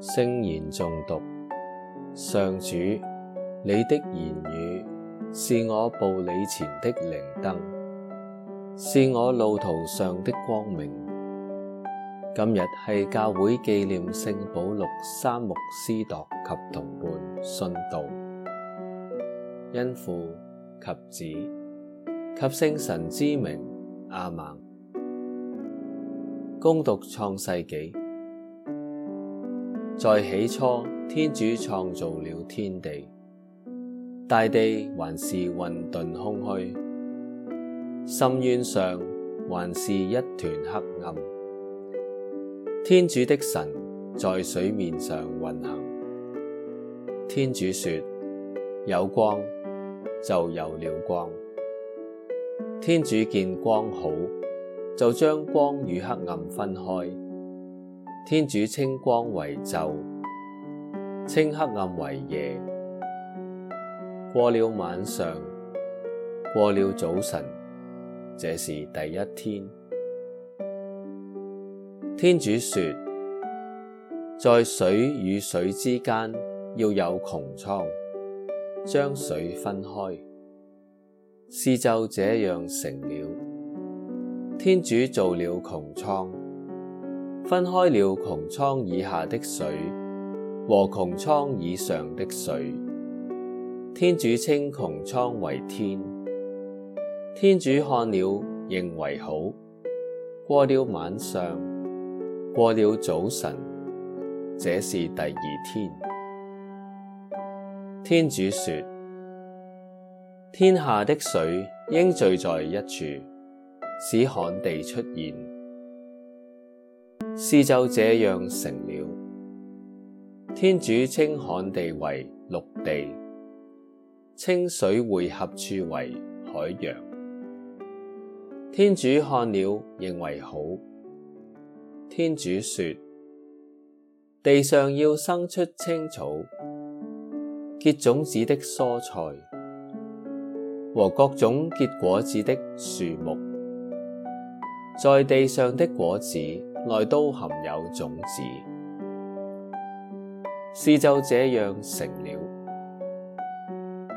聖言誦讀：「上主，你的言語是我步履前的靈燈，是我路途上的光明。今日係教會紀念聖保禄、三木司鐸及同伴殉道，因父及子及聖神之名阿們。恭讀創世紀：在起初，天主創造了天地，大地還是混沌空虛，深淵上還是一團黑暗。天主的神在水面上運行。天主說：有光，就有了光。天主見光好，就將光與黑暗分開。天主稱光為晝，稱黑暗為夜。過了晚上，過了早晨，這是第一天。天主說，在水與水之間要有穹蒼，將水分開，事就這樣成了。天主造了穹蒼，分開了穹蒼以下的水和穹蒼以上的水。天主稱穹蒼為天，天主看了認為好。過了晚上，過了早晨，這是第二天。天主說：天下的水應聚在一處，使旱地出現。事就這樣成了。天主稱旱地為陸地，稱水匯合處為海洋。天主看了，認為好。天主說：地上要生出青草、結種子的蔬菜和各種結果子的樹木。在地上的果子內都含有種子，事就這樣成了。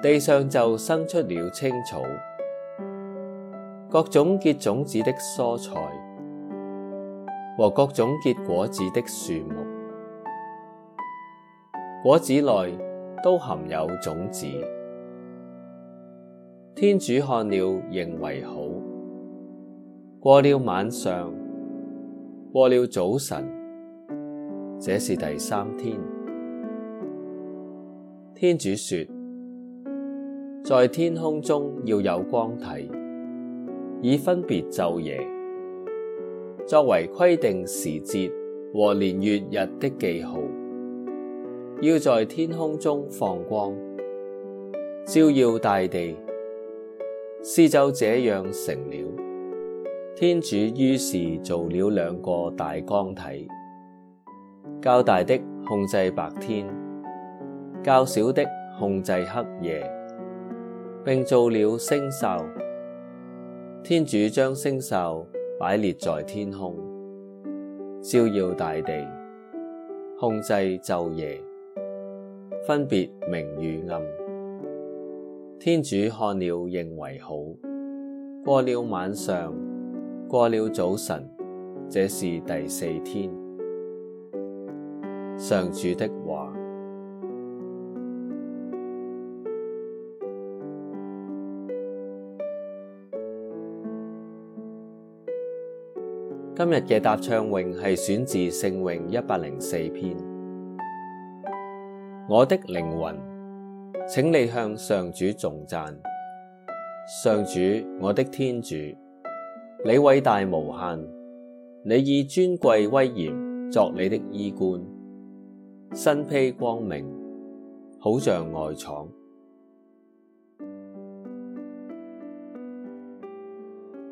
地上就生出了青草、各種結種子的蔬菜。和各種結果子的樹木，果子內都含有種子。天主看了，認為好。過了晚上，過了早晨，這是第三天。天主說，在天空中要有光體，以分別晝夜。作為規定時節和年月日的記號，要在天空中放光，照耀大地。事就這樣成了。天主於是造了兩個大光體，較大的控制白天，較小的控制黑夜，並造了星宿。天主將星宿。擺列在天空，照耀大地，控制晝夜，分別明與暗。天主看了認為好。過了晚上，過了早晨，這是第四天。上主的話。今日嘅答唱詠，係選自聖詠一百零四篇。我的靈魂，請你向上主頌讚！上主，我的天主，你偉大無限，你以尊貴威嚴作你的衣冠，身披光明，好像外氅。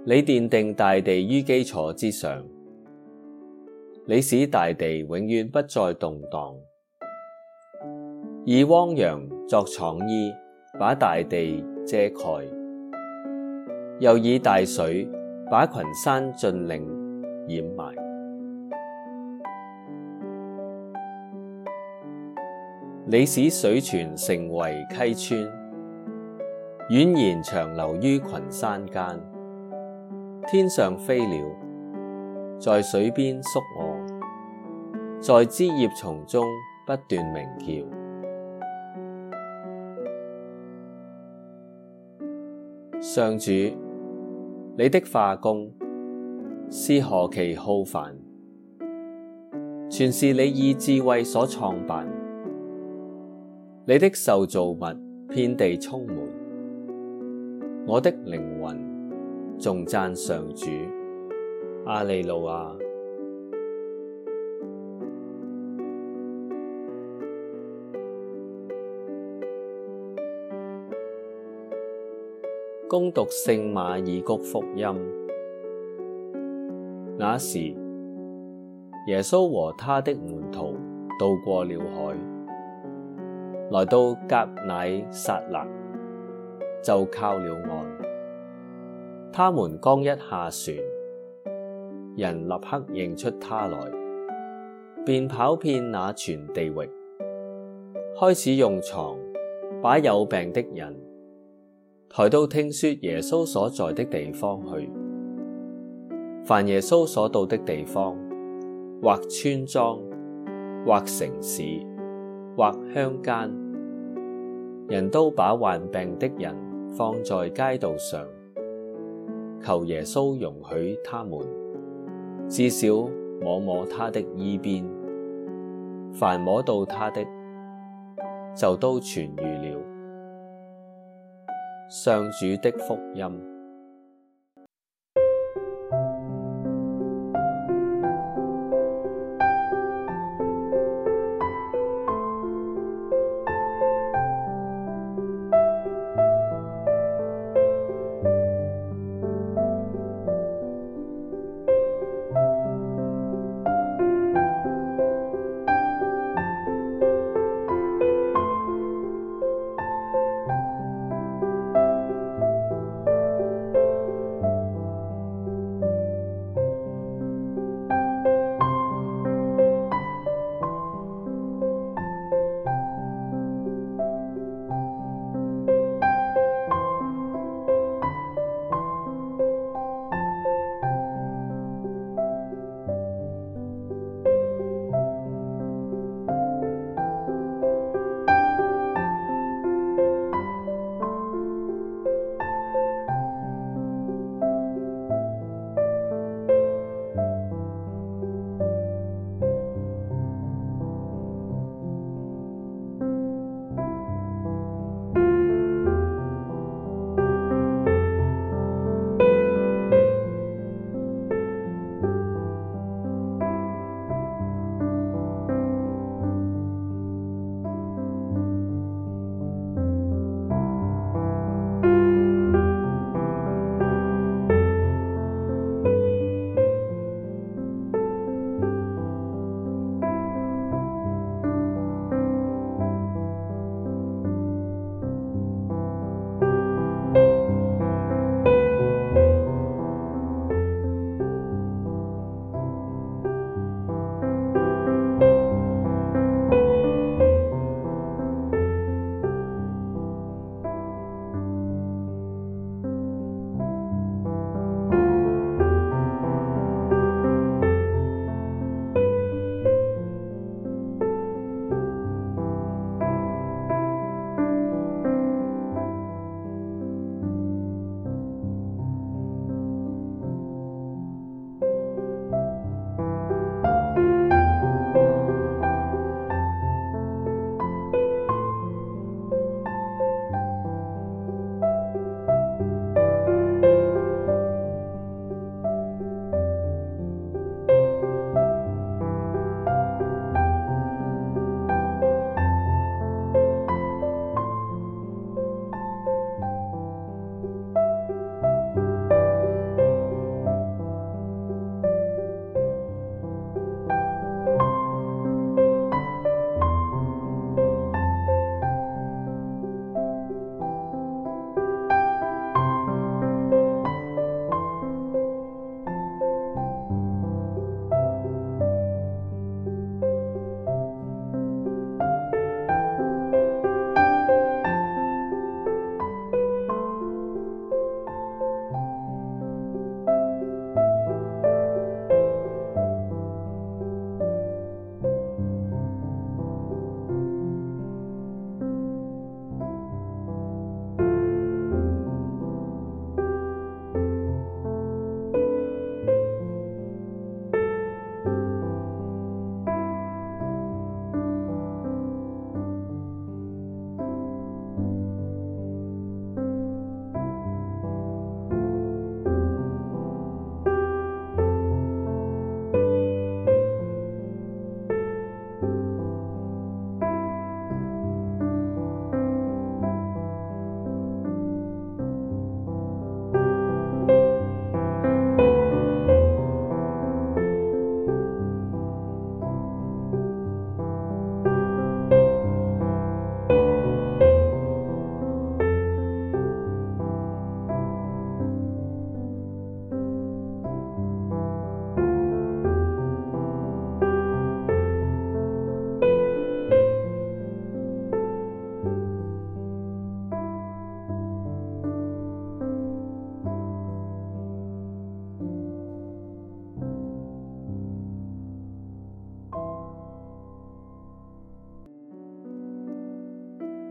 你奠定大地於基礎之上，你使大地永遠不再動盪；以汪洋作氅衣，把大地遮蓋，又以大水把群山峻嶺掩埋。你使水泉成為溪川，蜿蜒長流於群山間。天上飛鳥，在水邊宿臥，在枝葉叢中不斷鳴叫。上主，你的化工是何其浩繁，全是你以智慧所創辦。你的受造物遍地充滿，我的靈魂。頌讚上主，亞肋路亞！恭讀聖馬爾谷福音。那時，耶穌和他的門徒渡過了海，來到革乃撒勒，就靠了岸。他們剛一下船，人立刻認出他來，便跑遍那全地域，開始用床把有病的人抬到聽說耶穌所在的地方去。凡耶穌所到的地方，或村莊，或城市，或鄉間，人都把患病的人放在街道上。求耶穌容許他們，至少摸摸他的衣邊，凡摸到他的，就都痊癒了。上主的福音。